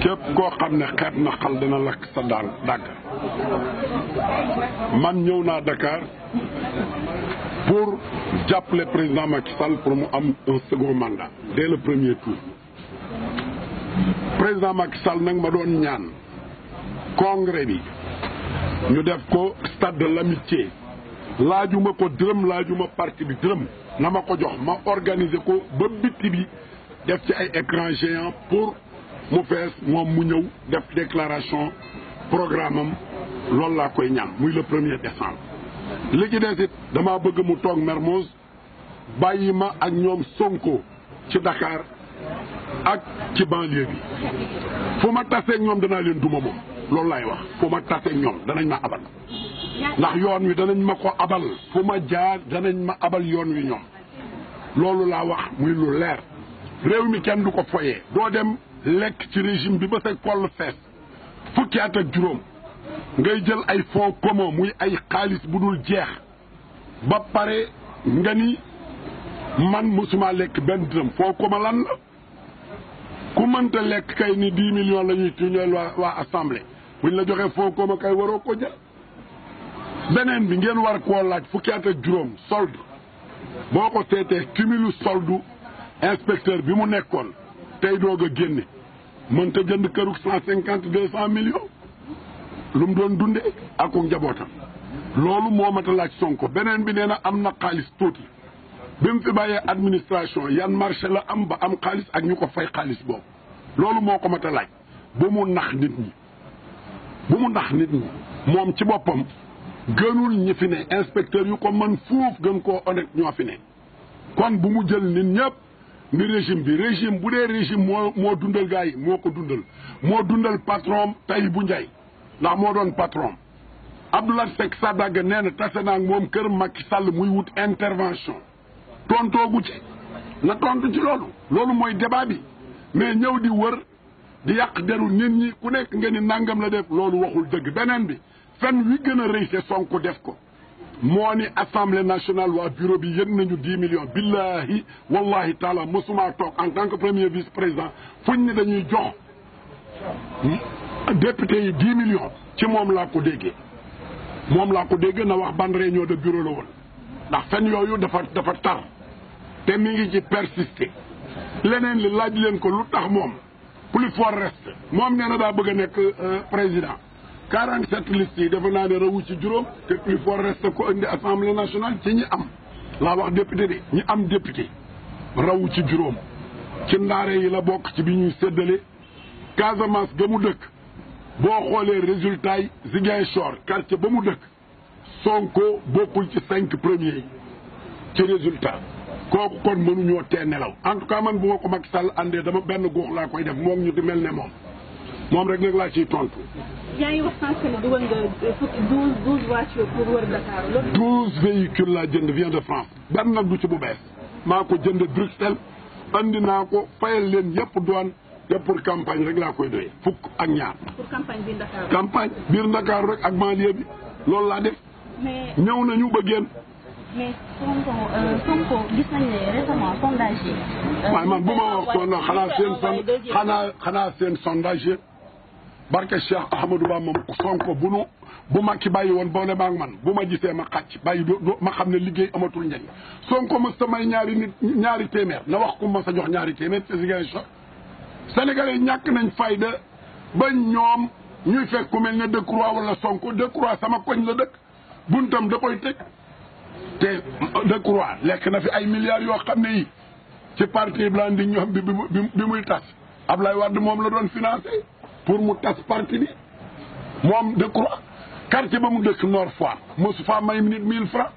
képp koo xam ne xeet na xal dina lakk sa daan dàgg man ñëw naa Dakar pour jàppale président Macky Sall pour mu am un second mandat dès le premier tour président Macky nag ma doon ñaan congrès bi ñu def ko stade de l'amitié laajuma ko dërëm laajuma parti bi dërëm na ma ko jox ma organiser ko ba bitti bi def ci ay écran géant pour mu fees moom mu ñëw def déclaration programme am loolu laa koy ñaan muy le premier décembre li ci des it damaa bëgg mu toog Mermoz bàyyi ma ak ñoom Sonko ci Dakar ak ci banlieue bi fu ma taseeg ñoom danaa leen duma moom loolu laay wax fu ma taseeg ñoom danañ ma abal ndax yoon wi danañ ma ko abal fu ma jaar danañ ma abal yoon wi ñoom loolu laa wax muy lu leer réew mi kenn du ko foyee doo dem lekk ci régime bi ba sa koll fees fukki at ak juróom ngay jël ay fonds commun muy ay xaalis bu dul jeex ba pare nga ni man mosuma lekk benn dërëm fonds commun lan la ku mënta lekk kay ni dix millions la ñuy tuñeel waa waa assemblée buñ la joxee fonds commun kay waroo ko jël beneen bi ngeen war koo laaj fukki at ak juróom solde boo ko seetee cumulu solde inspecteur bi mu nekkoon tey doog a génne mënta jënd këru cent cinquante deux cent millions lu mu doon dunde ak njabootam loolu moo mat a laaj Sonko beneen bi nee na am na xaalis tuuti bi mu fi bàyyee administration yan marché la am ba am xaalis ak ñu ko fay xaalis boobu loolu moo ko mat laaj bu mu nax nit ñi bu mu nax nit ñi moom ci boppam gënul ñi fi ne inspecteur yu ko mën fuuf gën koo honnête ñoo fi ne kon bu mu jël nit ñëpp ni régime bi régime bu dee régime moo moo dundal gars yi moo ko dundal moo dundal patron bu Ndiaye ndax moo doon patron Abdoulaye Seck Sadaga nee na tase naa moom kër Macky Sall muy wut intervention tontoogu ci na tontu ci loolu loolu mooy débat bi mais ñëw di wër di yàq deru nit ñi ku nekk nga ni nangam la def loolu waxul dëgg beneen bi fen wi gën a réy Sonko def ko moo ni assemblée nationale waa bureau bi yëg nañu dix millions billahi wallahi taala mosuma toog en tant que premier vice président fuñ ne dañuy jox député yi dix millions ci moom laa ko déggee moom laa ko déggee na wax ban réunion de bureau la woon ndax fen yooyu dafa dafa tar te mi ngi ci persister leneen li laaj leen ko lu tax moom plus fort reste moom nee na daa bëgg a nekk euh, président 47 listes yi defe naa ne rawu ci juróom te plus fort reste ko indi assemblée nationale ci ñi am laa wax député de ñi am député rawu ci juróom ci ndaare yi la bokk ci bi ñuy séddale Casamance ga mu dëkk boo xoolee résultat yi Ziguinchor quartier ba mu dëkk Sonko bokkul ci cinq premiers yi ci résultat kooku kon mënuñoo te nelaw en tout cas man bu ma ko Macky Sall àndee dama benn guux laa koy def moom ñu di mel ne moom moom rek nag laa ciy tontu yaa douze véhicules laa jënd vient de France benn nag du ci bu bees ko jënd Bruxelles andi naa ko fayal leen yëpp douane te campagne rek laa koy doyee fukk ak ñaar. campagne biir Dakar. rek ak banlieue bi loolu laa def. mais nañu ba génn. mais euh, euh, waaye man bu ma waxoon xanaa xanaa seen sondage barke Cheikh Ahmadou Ba moom Sonko bu nu bu Macky bàyyi woon boole ma ak man bu ma gisee ma xàcc bàyyi ma xam ne liggéey amatul njëriñ Sonko mos may ñaari nit ñaari téeméer na wax ku ma a jox ñaari téeméer ci Ziguinchor Sénégalais ñàkk nañ fayda ba ñoom ñuy fekk ku mel ne Decroix wala Sonko Decroix sama koñ la dëkk buntam da koy teg te Decroix lekk na fi ay milliards yoo xam ne yi ci parti Blanding ñoom bi bi muy tas Ablaye Wade moom la doon financé pour mu tas parti bi moom de croix quartier ba mu dëkk Nord Foire mosu faa may nit mille francs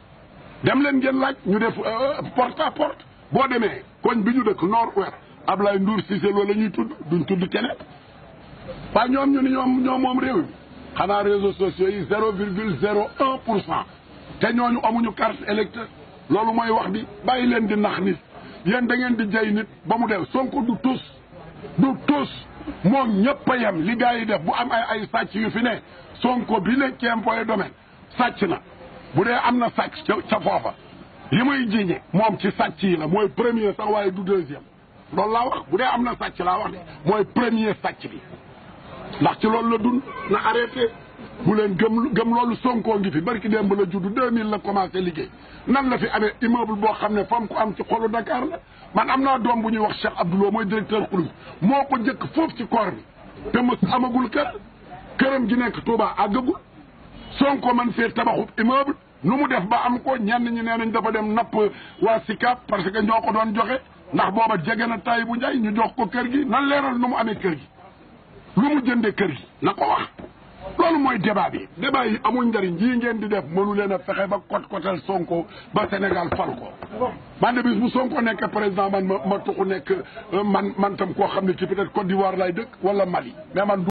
dem leen ngeen laaj ñu def euh, euh, porte à porte boo demee koñ bi ñu dëkk Nord Ouest Ablaye Ndour Cissé loolu la ñuy tudd duñ tudd keneen waaye ñoom ñu ni ñoom moom réew mi xanaa réseaux sociaux yi zéro virgule zéro un pour cent te ñooñu amuñu carte électeur loolu mooy wax bi bàyyi leen di nax nit yéen da ngeen di jay nit ba mu def Sonko du tus du tous moom ñëpp a yem li yi def bu am ay ay sàcc yu fi ne sonko bi nekkee impôt et sàcc na bu dee am na sàcc ca foofa li muy jiñe moom ci sàcc yi la mooy premier sax waaye du deuxième loolu laa wax bu dee am na sàcc laa wax ne mooy premier sàcc bi ndax ci loolu la dund na arrêté bu leen gëm gëm loolu sonkoo ngi fi bari dem démb la juddu 2000 la commencé liggéey nan la fi amee immeuble boo xam ne fam ko am ci xolu Dakar la man am naa doom bu ñuy wax Cheikh Abdoulaye mooy directeur xulum moo ko njëkk foofu ci koor bi te mos amagul kër këram gi nekk Touba àggagul Sonko man fee tabaxub immeuble nu mu def ba am ko ñenn ñi nee nañ dafa dem napp waa SICAP parce que ñoo ko doon joxe ndax booba jege na tay bu njaay ñu jox ko kër gi nan leeral nu mu amee kër gi lu mu jënde kër gi na ko wax loolu mooy débat bi débat yi amul njëriñ yii ngeen di def mënu leen a fexe ba kot kotal Sonko ba Sénégal fal ko man de bis bu Sonko nekk président man ma ma tuxu nekk euh, man man tam koo xam ne ci peut-être Côte d'Ivoire lay dëkk wala Mali mais man